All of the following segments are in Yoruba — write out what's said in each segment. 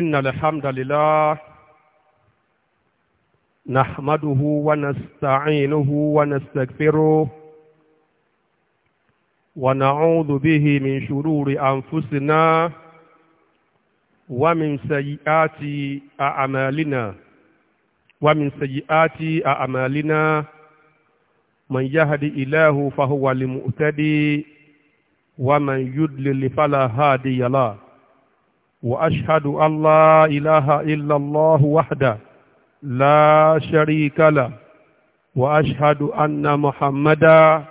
إن الحمد لله نحمده ونستعينه ونستغفره ونعوذ به من شرور أنفسنا ومن سيئات أعمالنا ومن سيئات أعمالنا من يهدي إله فهو المؤتدي ومن يدلل فلا هادي له وأشهد أن لا إله إلا الله وحده لا شريك له وأشهد أن محمدا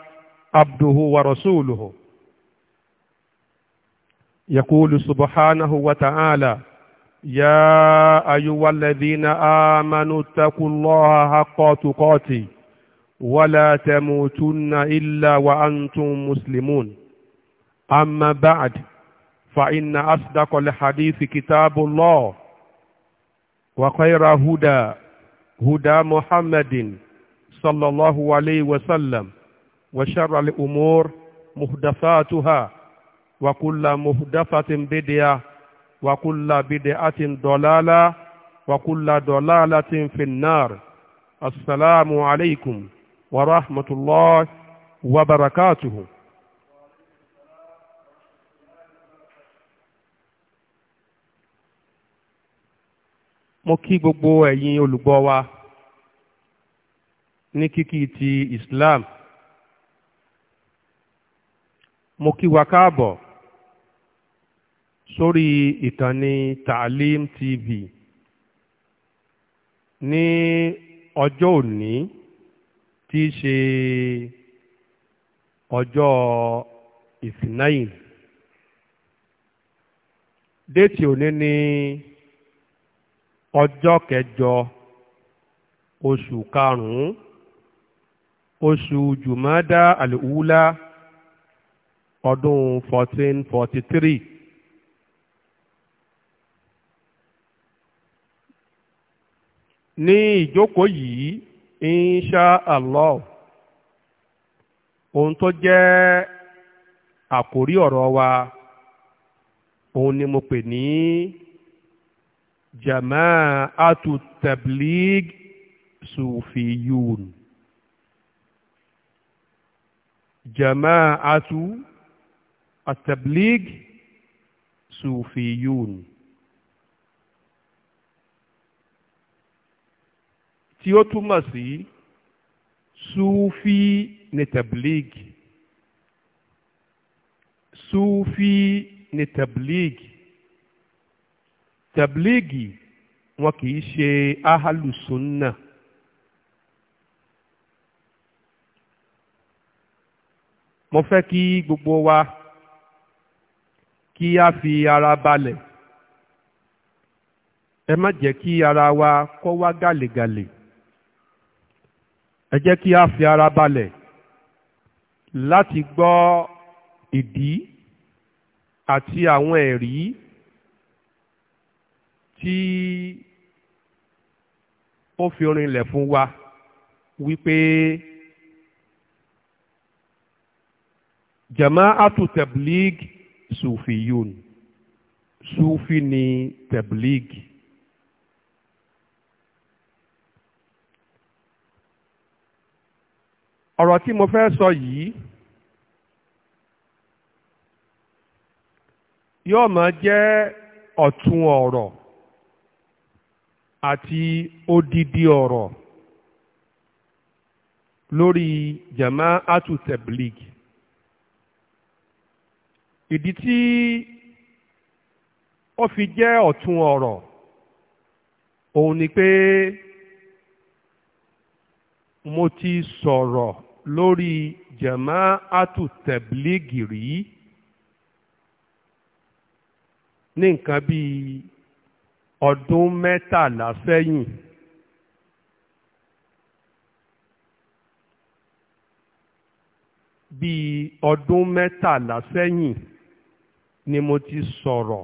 عبده ورسوله يقول سبحانه وتعالى يا أيها الذين آمنوا اتقوا الله حق تقاته ولا تموتن إلا وأنتم مسلمون أما بعد فإن أصدق الحديث كتاب الله وخير هدى هدى محمد صلى الله عليه وسلم وشر الأمور محدثاتها وكل محدثة بدعة وكل بدعة ضلالة وكل ضلالة في النار السلام عليكم ورحمة الله وبركاته mo kí gbogbo ẹ̀yin olùgbọ́ wa ní kíkí ti Islam mo kí wa káàbọ̀ sórí ìkànnì Taalim TV ní ọjọ́ òní tí í ṣe ọjọ́ ìsìnáyìn déètì òní ni. Ọjọ́, ọjọ́ kẹjọ oṣù karùn-ún oṣù jùmọ́dá àlùwúlá ọdún 1443 ní ìjókòó yìí insha allah ohun tó jẹ́ àkórí ọ̀rọ̀ wa òun ni mo pè ní jama'atu tabligh sufiyun jama'atu at-tabligh sufiyun tí ó túmọ̀ sí sufi ní tabligh sufi ní tabligh tẹ̀blíìgì wọn kì í ṣe ahalùsùnà mo fẹ́ kí gbogbo wa kí a fi ara balẹ̀ ẹ má jẹ́ kí ara wa kó wá gàlègàlè ẹ jẹ́ kí a fi ara balẹ̀ láti gbọ́ ìdí àti àwọn ẹ̀rí tí ó fi orin ilẹ̀ fún wa wípé jama'atu tablig sufiyun sufi ni tablig ọ̀rọ̀ tí mo fẹ́ sọ yìí yóò máa jẹ́ ọ̀tun ọ̀rọ̀ àti odidi ọ̀rọ̀ lórí jama'atu tablig ìdí tí ó fi jẹ́ ọ̀tún ọ̀rọ̀ òun ni pé mo ti sọ̀rọ̀ lórí jama'atu tablig rí ní nǹkan bíi ọdún mẹ́tàlá sẹ́yìn bíi ọdún mẹ́tàlá sẹ́yìn ni mo ti sọ̀rọ̀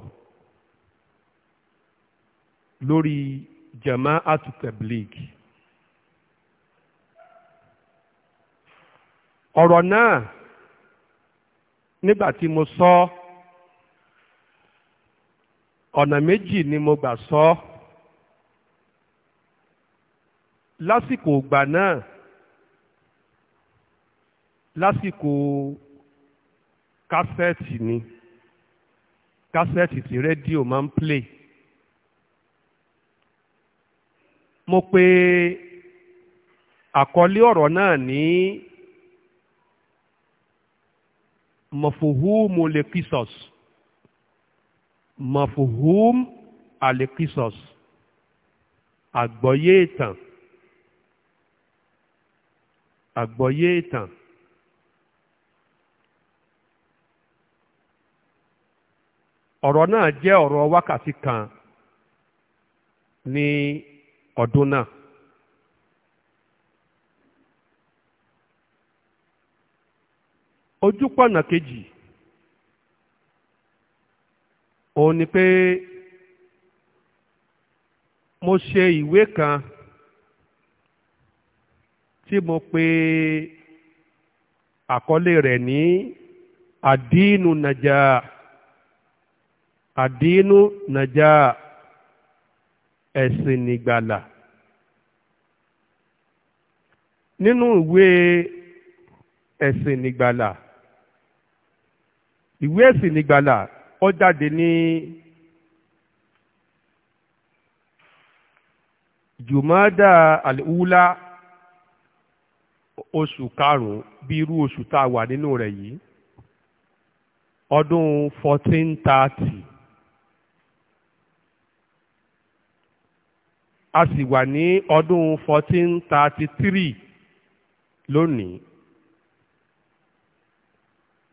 lórí Jama'atu Tabligh ọ̀rọ̀ náà nígbà tí mo sọ ọ́ ọ̀nà méjì ni mo gbà sọ ọ́ lásìkò ìgbà náà lásìkò kásẹ̀tì ni kásẹ̀tì tí rédíò máa ń play mo pe àkọlé ọ̀rọ̀ náà ní mọ̀fòhùmù lè mafuhum alikisos agboye ìtàn agboye ìtàn ọ̀rọ̀ náà jẹ́ ọ̀rọ̀ wákàtí kan ní ọdún náà. ojúpọ̀nà kejì òun ni pé mo ṣe ìwé kan tí mo pe àkọlé rẹ̀ ní àdínú nàjà àdínú nàjà ẹ̀sìn nìgbàlà nínú ìwé ẹ̀sìn ó jáde ní jùmọ́dà àlùwúlá oṣù karùn-ún bí irú oṣù taa wà nínú rẹ̀ yìí ọdún 1430 a sì wà ní ọdún 1433 lónìí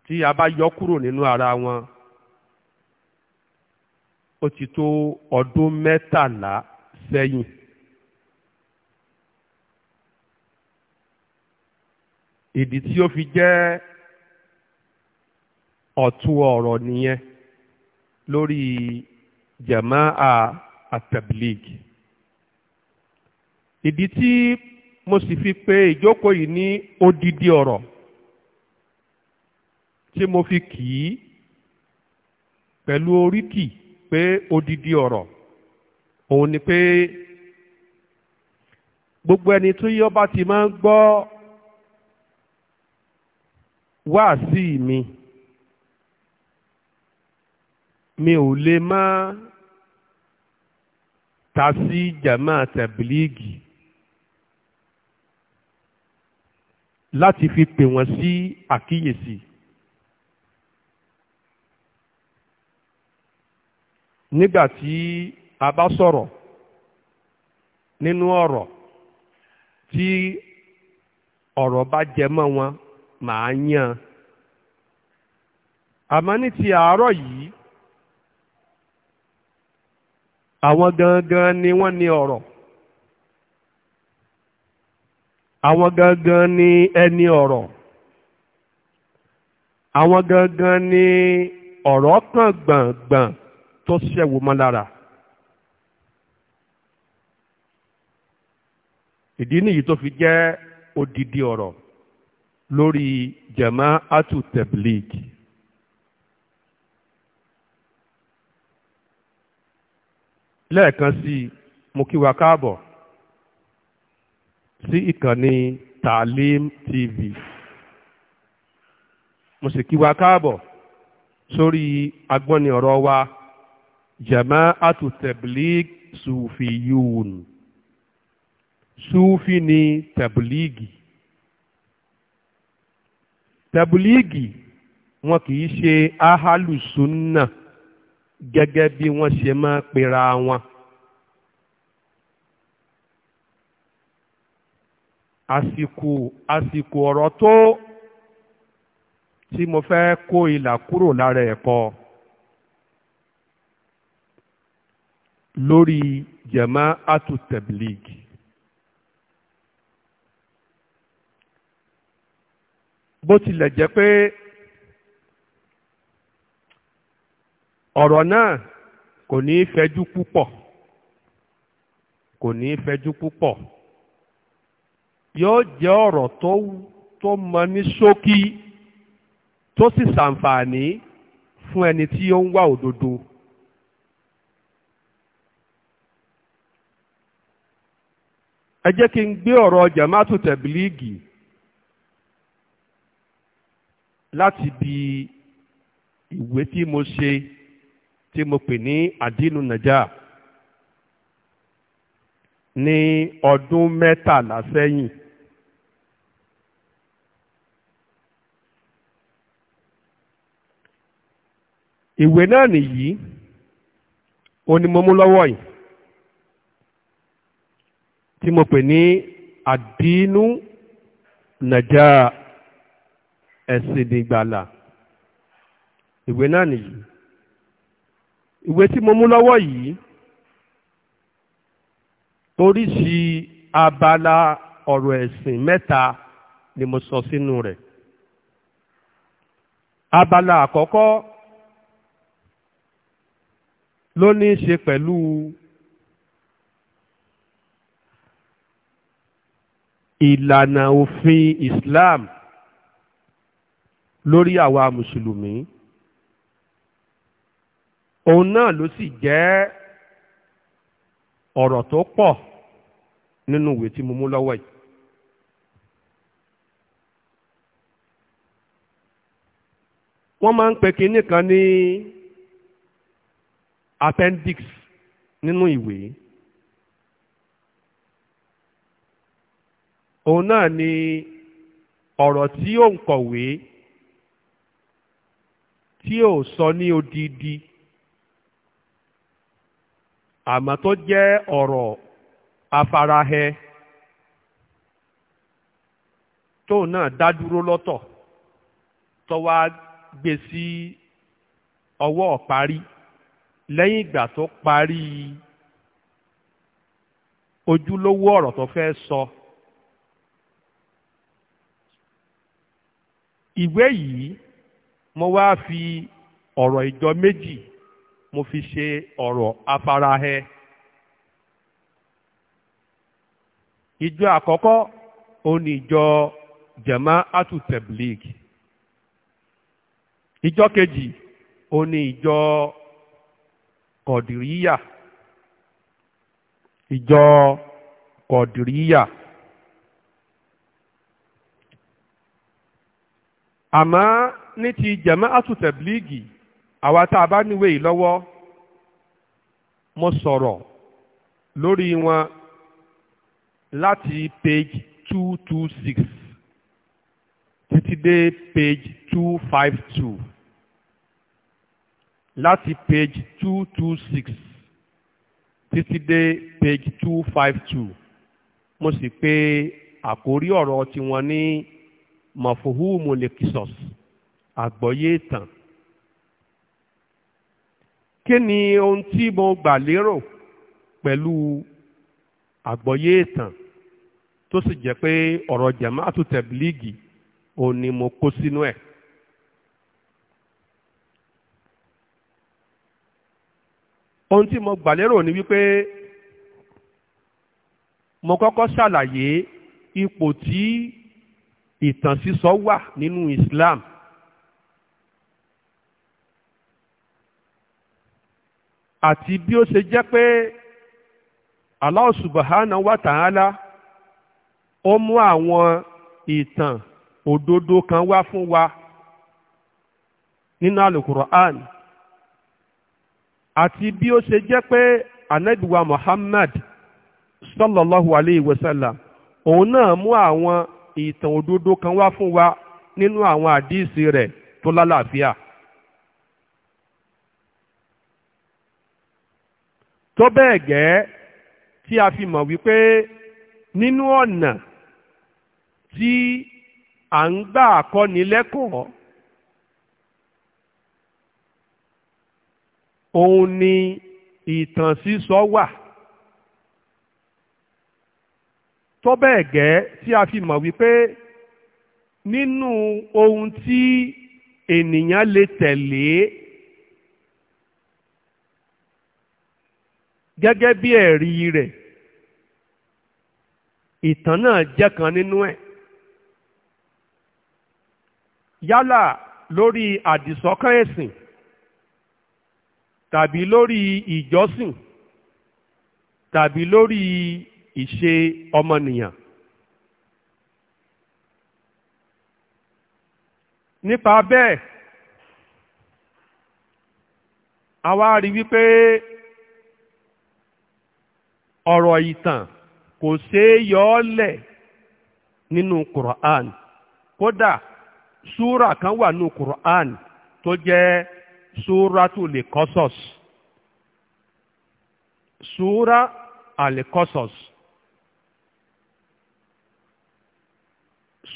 tí a bá yọ kúrò nínú ara wọn ó ti tó ọdún mẹ́tàlá sẹ́yìn. ìdí tí ó fi jẹ́ ọ̀tún ọ̀rọ̀ nìyẹn lórí jama'a at-tabligh ìdí tí mo sì fi pè ìjókòó yìí ní odidi ọ̀rọ̀ tí mo fi kì í pẹ̀lú oríkì pé odidi ọ̀rọ̀ òun ni pé gbogbo ẹni tó yọ bá ti máa ń gbọ́ wáàsí mi mi ò lè má ta sí jama tẹ̀bílíìgì láti fi pè wọ́n sí àkíyèsí. Si nígbà tí a bá sọ̀rọ̀ nínú ọ̀rọ̀ tí ọ̀rọ̀ bá jẹ mọ́ wọn màá yan. àmọ́ ní ti àárọ̀ yìí àwọn gangan ni wọ́n ní ọ̀rọ̀ àwọn gangan ni ẹni ọ̀rọ̀ àwọn gangan ni ọ̀rọ̀ kan gbàngbàn. tó ṣẹ́wó mọ́ lára ìdí nìyí tó fi jẹ́ odidi ọ̀rọ̀ lórí jama'atu tabligh lẹ́ẹ̀kan sí mo kí wa káàbọ̀ sí ìkànnì talim TV mo sì kí wa káàbọ̀ sórí agbọ́ni ọ̀rọ̀ wa jama'atu tabligh sufiyun sufi ni tabligi tabligi wọn kì í ṣe ahalusunna gẹ́gẹ́ bí wọ́n ṣe máa pera wọn. àsìkò àsìkò ọ̀rọ̀ tó tí mo fẹ́ kó ìlà kúrò lára ẹ̀kọ́. lórí jama'atu tablighi bó tilẹ̀ jẹ́ pé ọ̀rọ̀ náà kò ní fẹjú púpọ̀ kò ní fẹjú púpọ̀ yóò jẹ́ ọ̀rọ̀ tó tó mọ ní ṣókí tó sì ṣàǹfààní fún ẹni tí ó ń wá òdodo. ẹ jẹ́ kí n gbé ọ̀rọ̀ jamaatu tẹ̀bílíìgì láti bi ìwé tí mo ṣe tí mo pè ní àdínú nàjà ní ọdún mẹ́tàlá sẹ́yìn. ìwé náà nìyí ó ní mo mú lọ́wọ́ yìí tí mo pè ní àdínú nàjà ẹ̀sìn ìgbàlà ìwé náà nìyí ìwé tí mo mú lọ́wọ́ yìí oríṣi abala ọ̀rọ̀ ẹ̀sìn mẹ́ta ni mo sọ sínú rẹ̀ abala àkọ́kọ́ ló ní í ṣe pẹ̀lú ìlànà òfin Islam lórí àwa mùsùlùmí òun náà ló sì jẹ́ ọ̀rọ̀ tó pọ̀ nínú ìwé tí mo mú lọ́wọ́ yìí. wọ́n máa ń pe kinní kan ní appendix nínú ìwé. òun náà ni ọ̀rọ̀ tí ó ń kọ̀wé tí ò sọ ní odidi àmọ́ tó jẹ́ ọ̀rọ̀ afarahẹ tóun náà dá dúró lọ́tọ̀ tó wá gbé sí ọwọ́ parí lẹ́yìn ìgbà tó parí ojúlówó ọ̀rọ̀ tó fẹ́ sọ. So ìwé yìí mo wá fi ọ̀rọ̀ ìjọ méjì mo fi ṣe ọ̀rọ̀ afarahẹ. ìjọ àkọ́kọ́ òun ni ìjọ Jama'atu Tabligh ìjọ kejì òun ni ìjọ Kọ̀dìríyà ìjọ Kọ̀dìríyà. àmọ́ ní ti jama'atu tablighi àwa tá a bá níwèé yìí lọ́wọ́ mo sọ̀rọ̀ lórí wọn láti page two two six títí dé page two five two láti page two two six títí dé page two five two mo sì pè àkórí ọ̀rọ̀ tiwọn ní mọ̀fùhùmù lèkìsọ̀s àgbọ́yé ìtàn kí ni ohun tí mo gbà lérò pẹ̀lú àgbọ́yé ìtàn tó sì jẹ́ pé ọ̀rọ̀ jamaatu tẹ̀blígì òun ni mo kó sínú ẹ̀. ohun tí mo gbà lérò ni wípé mo kọ́kọ́ ṣàlàyé ipò tí ìtàn sísọ wà nínú Islam àti bí ó ṣe jẹ́ pé Allah subhanahu wa ta'ala ó mú àwọn ìtàn òdodo kan wá fún wa nínú al àti bí ó ṣe jẹ́ pé anabiwa Muhammad sallallahu alayhi wa sallam òun náà mú àwọn ìtàn òdodo kan wá fún wa nínú àwọn àdíìsì rẹ̀ tó lálàáfíà. tó bẹ́ẹ̀ gẹ́ tí a fi mọ̀ wípé nínú ọ̀nà tí à ń gbà kọ́ni lẹ́kọ̀ọ́ òun ni ìtàn sísọ wà. So tó bẹ́ẹ̀ gẹ́ tí a fi mọ̀ wípé nínú ohun tí ènìyàn lè tẹ̀lé gẹ́gẹ́ bí ẹ̀rí rẹ̀ ìtàn náà jẹ́ kan nínú ẹ̀ yálà lórí àdìsọ́kàn ẹ̀sìn tàbí lórí ìjọsìn tàbí lórí ìṣe ọmọnìyàn nípa bẹ́ẹ̀ a wá rí wípé ọ̀rọ̀ ìtàn kò ṣeé yọ ọ́ lẹ̀ nínú Qur'an kódà súrà kan wà nínú Qur'an tó jẹ́ súrátù lè kọ́sọ̀s súrà àlè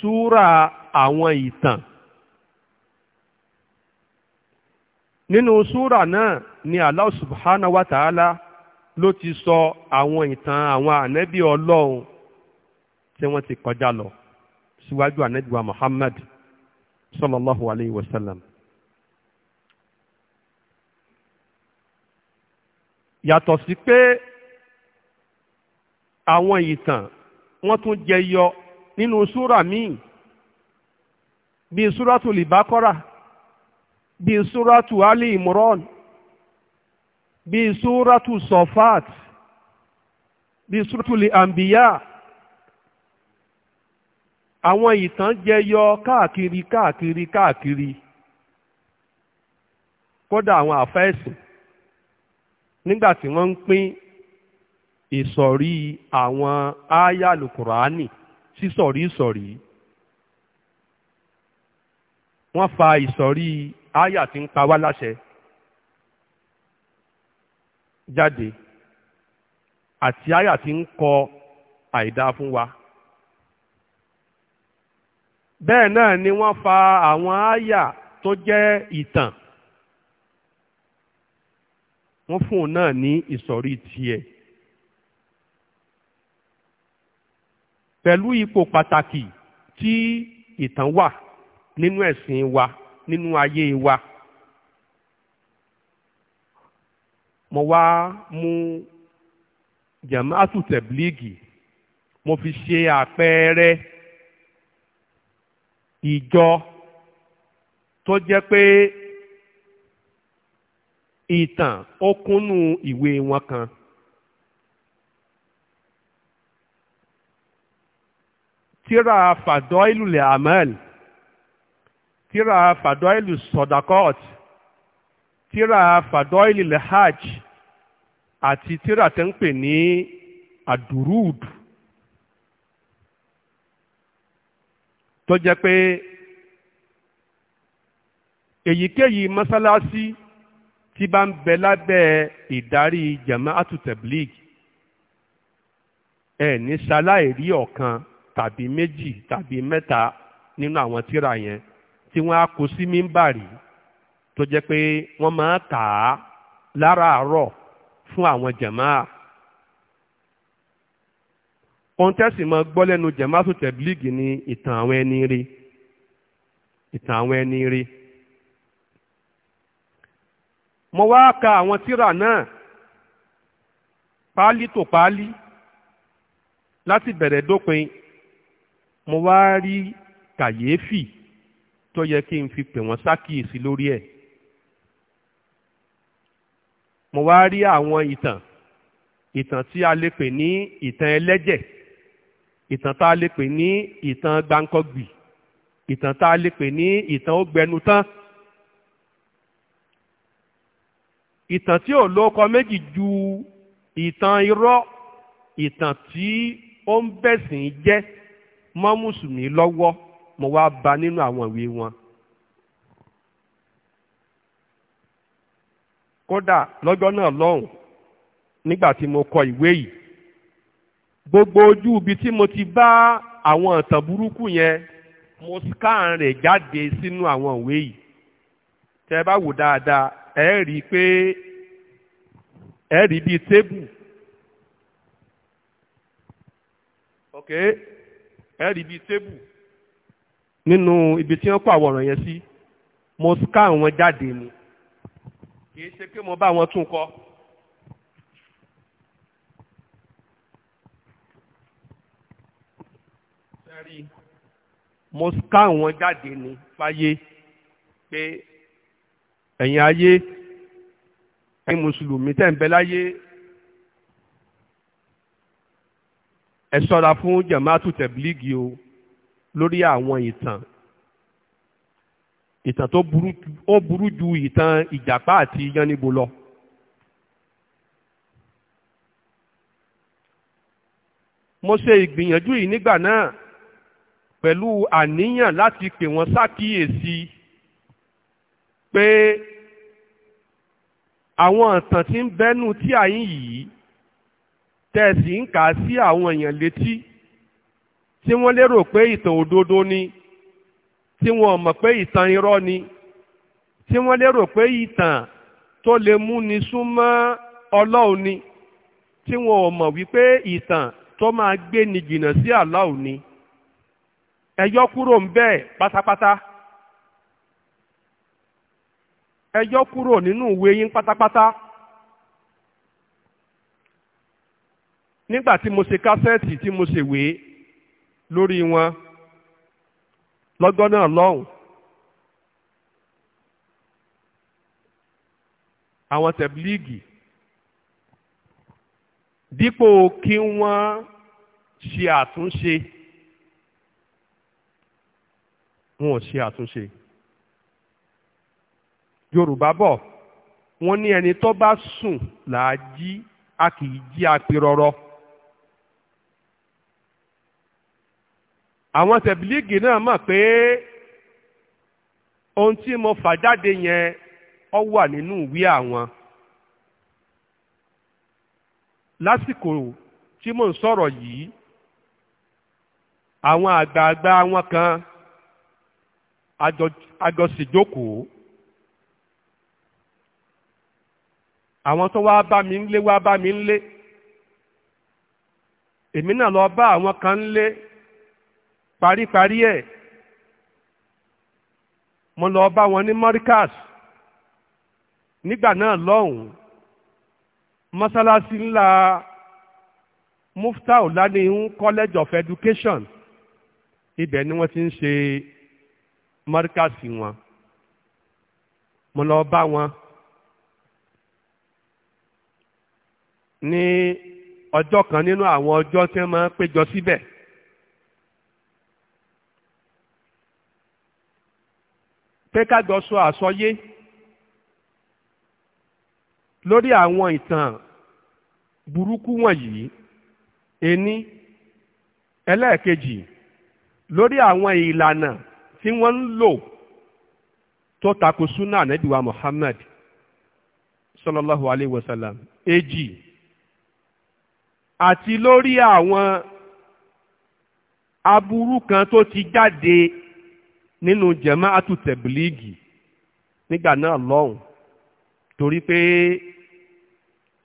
súrà àwọn ìtàn nínú súrà náà ni Allah subhanahu wa ta'ala ló ti sọ àwọn ìtàn àwọn ànẹ́bí ọlọ́run tí wọ́n ti kọjá lọ síwájú ànẹ́bí wa Muhammad sallallahu alayhi wa sallam yàtọ̀ sí pé àwọn ìtàn wọ́n tún jẹyọ nínú súrà míì bíi súràtù libakora bíi súràtù ali imran bíi súràtù sofat bíi súràtù li ambiya àwọn ìtàn jẹyọ káàkiri káàkiri káàkiri kódà àwọn àfẹ́sìn nígbà tí wọ́n ń pín ìsọ̀rí àwọn áyà lùkùránì sí sọ̀rí sọ̀rí wọ́n fa ìsọ̀rí áyà tí ń pa wá láṣẹ jáde àti áyà tí ń kọ àìdá fún wa bẹ́ẹ̀ náà ni wọ́n fa àwọn áyà tó jẹ́ ìtàn wọ́n fún un náà ní ìsọ̀rí tiẹ̀ pẹ̀lú ipò pàtàkì tí ìtàn wà nínú ẹ̀sìn wa nínú ayé wa. mo wá mú jamaatu tẹ̀blígì mo fi ṣe àpẹẹrẹ ìjọ tó jẹ́ pé ìtàn ó kúnnú ìwé wọn kan. tíra fàdọ́ìlù lè àmẹ́l tíra fàdọ́ìlù sọ̀dàkọ́t tíra fàdọ́ìlù lè hajj àti tíra tẹ́ ń pè ní àdúrúd tó jẹ́ pé èyíkéyìí mọ́sálásí tí bá ń bẹ lábẹ́ ìdarí jamaatu tablig ẹ̀ ní ṣaláìrí ọ̀kan tàbí méjì tàbí mẹ́ta nínú àwọn tíra yẹn tí wọ́n á kó sí mímbàrí tó jẹ́ pé wọ́n máa tà á láràárọ̀ fún àwọn jàmáà ohun tẹ́sì máa gbọ́ lẹ́nu jàmáàtù tẹ̀blígì ni ìtàn àwọn ẹni rí ìtàn àwọn ẹni rí mo wá ka àwọn tíra náà páálí tó páálí láti bẹ̀rẹ̀ dópin mo wá rí kàyéfì tó yẹ kí n fi pè wọ́n sákìyèsí lórí ẹ̀ mo wá rí àwọn ìtàn ìtàn tí a lè pè ní ìtàn ẹlẹ́jẹ̀ ìtàn tá a lè pè ní ìtàn gbáǹkọ́gbì ìtàn tá a lè pè ní ìtàn ó gbẹnu tán ìtàn tí ò lóko méjì ju ìtàn irọ́ ìtàn tí ó ń bẹ̀sìn jẹ́ mọ́ mùsùlùmí lọ́wọ́ mo wá ba nínú àwọn ìwé wọn. kódà lọ́jọ́ náà lọ́hùn nígbà tí mo kọ ìwé yìí gbogbo ojú ibi tí mo ti bá àwọn ìtàn burúkú yẹn mo scan rẹ̀ jáde sínú àwọn ìwé yìí tẹ́ bá wò dáadáa ẹ rí i pé ẹ rí bíi tébù ok ẹ rí bíi tébù nínú ibi tí wọ́n kó àwòrán yẹn sí mo ká wọn jáde ni kì í ṣe pé mo bá wọn tún kọ. mo ká wọn jáde ni fáyé pé ẹ̀yin ayé ẹ̀yin mùsùlùmí tẹ̀ ń bẹ láyé ẹ ṣọ́ra fún jamaatu tẹ̀blígì o lórí àwọn ìtàn ìtàn tó burú ju ìtàn ìjàpá àti yánnibó lọ. mo ṣe ìgbìyànjú yìí nígbà náà pẹ̀lú àníyàn láti pè wọ́n ṣàkíyèsí pé àwọn ìtàn tí ń bẹ́nu tí àyín yìí tẹ̀sí ń kà sí àwọn èèyàn létí tí wọ́n lérò pé ìtàn òdodo ni tí wọ́n mọ̀ pé ìtàn irọ́ ni tí wọ́n lérò pé ìtàn tó lè mú ni súnmọ́ ọlọ́run ni tí wọ́n ò mọ̀ wípé ìtàn tó máa gbé ni jìnnà sí àlọ́run ni ẹ kúrò ń bẹ́ẹ̀ pátápátá ẹ kúrò nínú ìwé yín pátápátá. nígbà tí mo ṣe kásẹ́ẹ̀tì tí mo ṣèwé lórí wọn lọ́gán náà lọ́hùn àwọn tẹ̀blíìgì dípò kí wọ́n ṣe àtúnṣe wọn ò ṣe àtúnṣe yorùbá bọ̀ wọ́n ní ẹni tó bá sùn làá jí a kì í jí apirọrọ. àwọn tẹ̀bílíìgì náà mọ̀ pé ohun tí mo fà jáde yẹn ọ wà nínú ìwé àwọn lásìkò tí mò ń sọ̀rọ̀ yìí àwọn àgbààgbà wọn kan àjọṣìjókòó àwọn tó wá bá mi ń lé wá bá mi ń lé èmi náà lọ bá àwọn kan ń lé. paríparí ẹ̀ mo lọ bá wọn ní morikas nígbà náà lọ́hùn mọ́sálásí ńlá mufta olanihun college of education ibẹ̀ ni wọ́n ti ń ṣe mọ́ríkàsì wọn mo lọ bá wọn ní ọjọ́ kan nínú àwọn ọjọ́ tí wọ́n máa ń péjọ síbẹ̀ pé ká jọ sọ àsọyé lórí àwọn ìtàn burúkú wọ̀nyí ení ẹlẹ́ẹ̀kejì lórí àwọn ìlànà tí wọ́n ń lò tó tako súnà ànábìwá Muhammad sallallahu alayhi wa sallam èjì àti lórí àwọn aburú kan tó ti jáde nínú jẹ̀máàtù tẹ̀bílíìgì nígbà náà lọ́hùn torí pé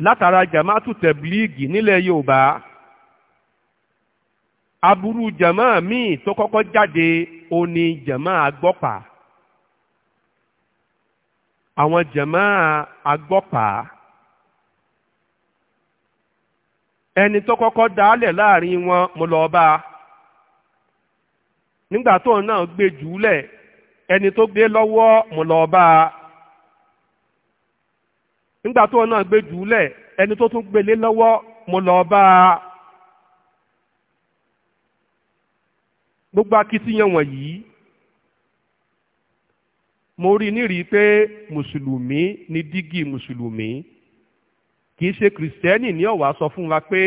látara jẹ̀máàtù tẹ̀bílíìgì nílẹ̀ Yorùbá aburú jẹ̀máà míì tó kọ́kọ́ jáde òní jẹ̀máà agbọ́pàá àwọn jẹ̀máà agbọ́pàá ẹni tó kọ́kọ́ dálẹ̀ láàrin wọn mo lọ bá a. nígbà tóun náà gbé jùúlẹ̀ ẹni tó gbé lọ́wọ́ mọ̀lọ́ba nígbà tóun náà gbé jùúlẹ̀ ẹni tó tún gbélé lọ́wọ́ mọ̀lọ́ba gbogbo akitiyan wọ̀nyí mo rí nírìí pé mùsùlùmí ni dígí mùsùlùmí kìí ṣe kìrìsìtẹ́nì ní ọ̀wá sọ fún wa pé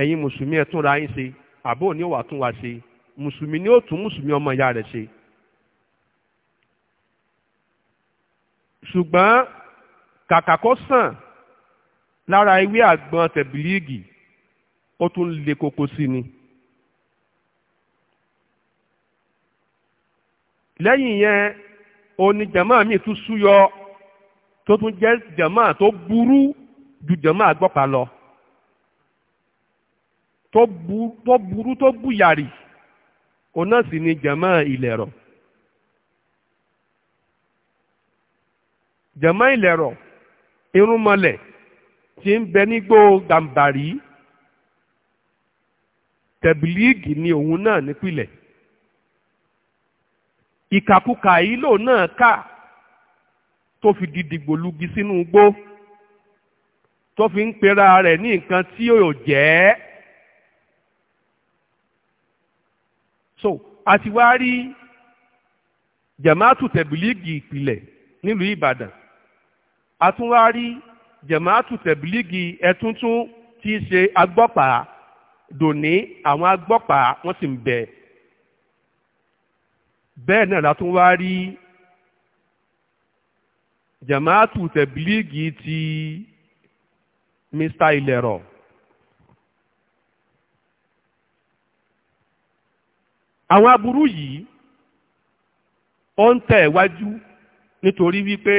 ẹ̀yin mùsùlùmí ẹ̀ túnra yín ṣe àbó ni ó wà tún wa ṣe mùsùlùmí ni ó tún mùsùlùmí ọmọ ìyá rẹ̀ ṣe. ṣùgbọ́n kàkà kó sàn lára ewé àgbọn tẹ̀bílíìgì ó tún le koko sí ni. lẹ́yìn yẹn oní jama mi tún súyọ tó tún jẹ́ jama tó burú ju jama àgbọ̀pá lọ tó burú tó bùyàrì òun náà sì ni jẹ̀mọ́ ìlẹ̀rọ̀ jẹ̀mọ́ ìlẹ̀rọ̀ irúnmọlẹ̀ tí ń bẹ nígbó gàǹbàrí tẹ̀bílíìgì ni òun náà nípìlẹ̀ ìkàkùkà yìí lòun náà kà tó fi di dìgbòlugi sínú igbó tó fi ń pera rẹ̀ ní nǹkan tí yóò jẹ́ ẹ́. so àti wá rí jamaatu tẹ̀bílíìgì ìpìlẹ̀ nílùú ìbàdàn a tún wá rí jamaatu tẹ̀bílíìgì ẹ̀túntún tí í ṣe agbọ́pàá dòní àwọn agbọ́pàá wọ́n sì ń bẹ bẹ́ẹ̀ náà la wá rí jamaatu tẹ̀bílíìgì ti mr ilẹ̀rọ̀ àwọn aburú yìí ó ń tẹ̀ wájú nítorí wípé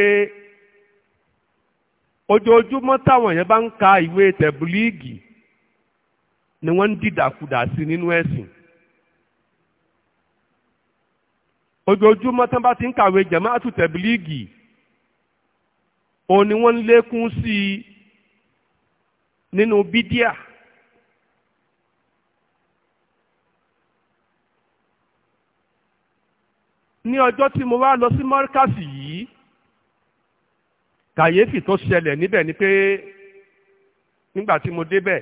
ojoojúmọ́ táwọn èèyàn bá ń ka ìwé tẹ̀bùlíìgì ni wọ́n ń dìdàkudà sí nínú ẹ̀sìn ojoojúmọ́ tán bá ti ń kàwé jẹ̀máàtù tẹ̀bílíìgì òun ni wọ́n ń lékún sí i nínú bídíà. ní ọjọ́ tí mo wá lọ sí mọ́ríkàsì yìí kàyéfì tó ṣẹlẹ̀ níbẹ̀ ni pé nígbà tí mo débẹ̀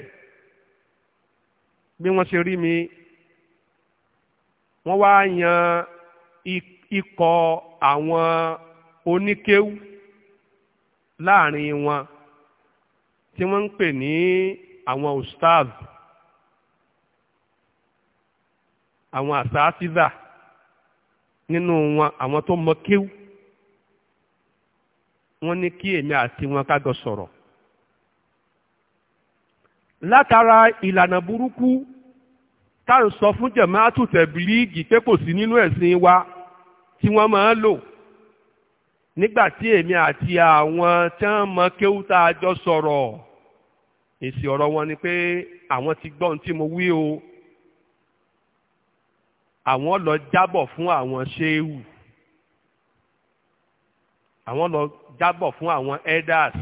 bí wọ́n ṣe rí mi wọ́n wá yan ikọ̀ àwọn oníkéwú láàrin wọn tí wọ́n ń pè ní àwọn ustaz àwọn àsáfíza nínú wọn àwọn tó mọ kéwú wọ́n ní kí èmi àti wọn kágọ sọ̀rọ̀ látara ìlànà burúkú tá à ń sọ fún jẹ̀máàtù tẹ̀bílíìgì pé kò sí nínú ẹ̀sìn wa tí wọ́n máa ń lò nígbà tí èmi àti àwọn tí wọ́n mọ kéwú tá a jọ sọ̀rọ̀ èsì ọ̀rọ̀ wọn ni pé àwọn ti gbọ́n tí mo wí o àwọn lọ jábọ̀ fún àwọn ṣéwù àwọn lọ jábọ̀ fún àwọn elders